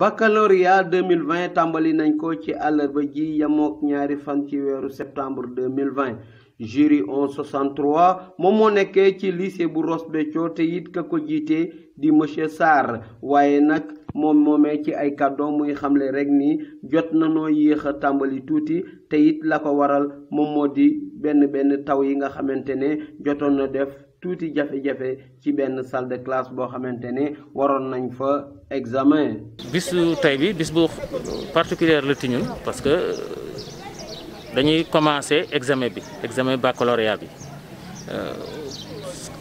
baccalauréat 2020 tàmbali nañ ko ci àllarba ji yamook ñaari fan ci weeru septembre 2020 jury 1163 moom moo nekkee ci lycée bu Ross Béthio te it ka ko jiite di monsieur Sarr waaye nag moom moomee ci ay kàddoom muy xamle rek nii jot nanoo yéex a tàmbali tuuti te la ko waral moom moo di benn benn taw yi nga xamante ne jotoon na def touti jafé jafé ci benn salle de classe bo xamante waron nañ fa examen. bisu tay bi bis particulier le parce que euh, dañuy commencer examen bi examen baccalauréat bi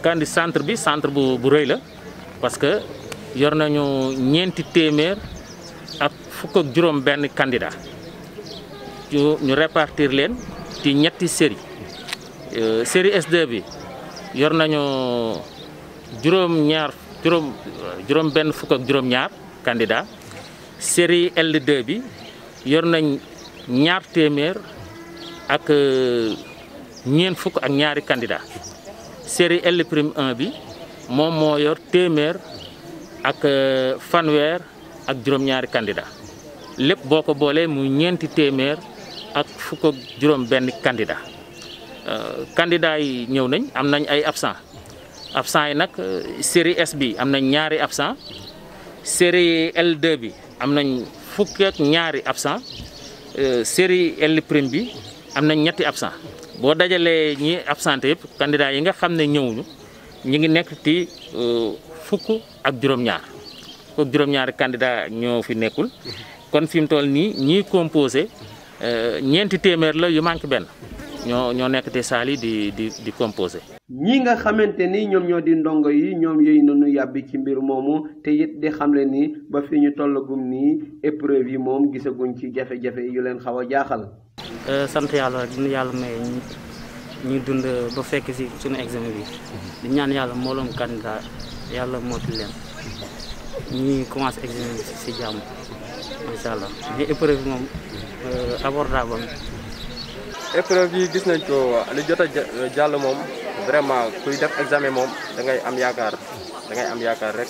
candidat euh, centre bi centre bu bu reuy la parce que yor nañu ñenti téeméer ak fukk ak juroom benn candidat ñu répartir leen ci ñetti euh, série série SDB. bi. yor nañu nyar ñaar jurum ben ben jurum ak kandida ñaar candidat série L2 bi yor nañ ñaar témèr ak euh, ñeen fuk ak ñaari candidat série L prime 1 bi mom mo yor témèr ak euh, fanwer ak juróom ñaari candidat lepp boko bolé mu ñenti témèr ak fuk ak juróom ben candidat Euh, candidats yi ñëw nañ am nañ ay absant absent yi nag euh, série S bi am nañ ñaari absent série L2 bi am nañ fukki ak ñaari absent euh, série L bi am nañ ñetti absent boo dajalee ñi absenté yëpp yi nga xam ne ñëwuñu ñi ngi nekk ci fukk ak juróom-ñaar fukk ak juróom-ñaari candidat ñoo fi nekkul mhm. kon fi mu toll nii ñiy composé ñeenti téeméer la yu manque benn ñoo ñoo nekk di saali di di di composé. ñi nga xamante ni ñoom ñoo di ndongo yi ñoom yooyu nañu yàbbi ci mbir moomu te it di xamle ni ba fi ñu tollagum nii épreuve yi moom gisaguñ ci jafe-jafe yu leen xaw a jaaxal. Euh, sant yàlla rek dina yàlla maye ñu dund ba fekk si suñu examen bi di yàlla mbooloom candidat yàlla mooti leen ñuy commencé examen bi si jàmm incha allah mais épreuve moom euh, abordable épreuve yi gis nañ ko li jot a jàll moom vraiment kuy def examen moom da ngay am yaakaar da ngay am yaakaar rek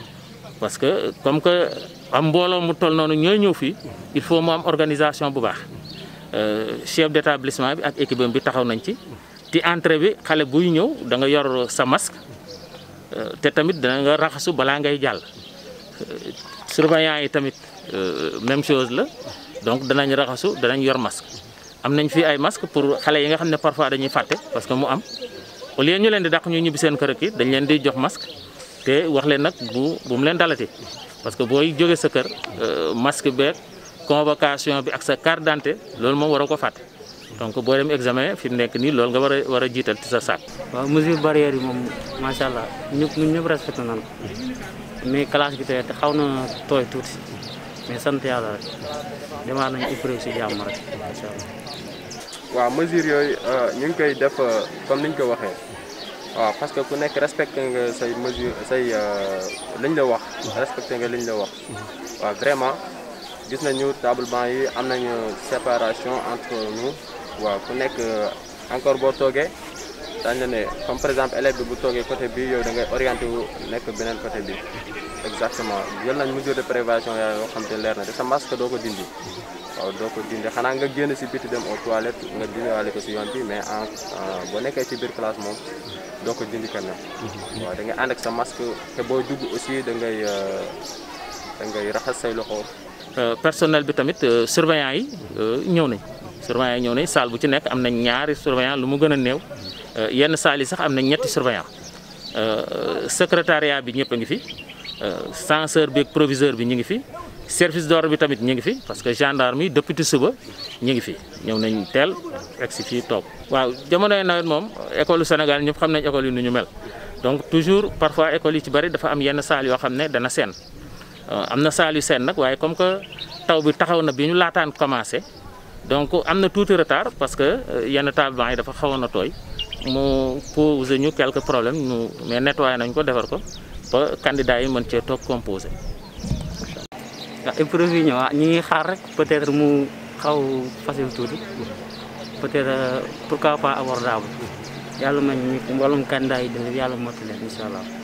parce que comme que am mbooloo mu toll nonu ñoy ñëw fi il faut mu am organisation bu baax euh, chef d'établissement bi ak équipe bi taxaw nañ ci ti entrée bi xalé bu ñëw da nga yor sa masque euh, té tamit da nga raxasu bala ngay jàll euh, surveillant yi tamit même chose la donc danañ raxasu danañ yor masque am nañ fi ay masque pour xalé yi nga xamné parfois dañuy faté parce que mu am au lieu ñu leen di dàq ñu ñibbi seen kër ak dañ leen di jox masque te wax leen nag bu bu mu leen dalati parce que booy jóge sa kër euh, masque beeg convocation bi ak sa carte d'identité loolu moom war a ko fàtte donc boo dem examen fi mu nekk nii loolu nga war a war a jiital ci sa saak. waaw mesure barrière yi moom macha allah ñëpp ñun ñëpp respecté nañ ko mais classe xaw na tooy tuuti mais sant yàlla rek demaat nañu épreuve si jàmm yooyu euh, ñu ngi koy def euh, comme niñ ko waxee. waaw parce que ku nekk respecté nga say mesure say euh, liñ la wax mhm. respecté nga liñ la wax mhm. waaw vraiment gis nañu table ban yi am nañu séparation entre nous waaw ku nekk euh, encore boo toogee dañ la ne comme par exemple élève bi bu toogee côté bi yow da ngay orienté wu nekk beneen côté bi exactement jël nañ mesure de prévention yaa yoo xam te leer na sa masque doo ko dindi mhm. waaw doo ko dindi xanaa nga génn si biti dem au toilettes nga dindiwaale ko si yoon bi mais en boo nekkee ci biir classe moom doo ko dindi quand mhm. waaw da ngay ànd ak sa masque te booy dugg aussi da ngay euh, da ngay raxas say loxo. Euh, personnel bi tamit euh, surveillant yi ñëw nañ surveillant yi ñëw nañ salle bu ci nekk am na ñaari surveillant lu mu gën a néew yenn salle yi sax am na ñetti surveillant secrétariat bi ñëpp a ngi fi censeur bi ak proviseur bi ñu ngi fi. service d'or bi tamit ñi ngi fi parce que gendarme yi depuis tout suba ñi ngi fi ñew nañ tel egg si fii toog waaw ay nawet mom école Sénégal ñu xam nañ école yi ñu mel donc toujours parfois école yi ci bari dafa am yenn salle yo xamne dana sen euh, am salle yu sen nak waye comme que taw bi taxaw na biñu latane commencé donc am na retard parce que euh, yenn tablement yi dafa xawona toy mu pose ñu quelques problèmes ñu mais nettoyer nañ ko défar ko ba candidat yi mën ci toog composé nga improvisé ñoo ñu ngi xaar rek peut être mu xaw facile tuuti peut être pourquoi pas abordable yàlla may ñu wàllum candidat yi dina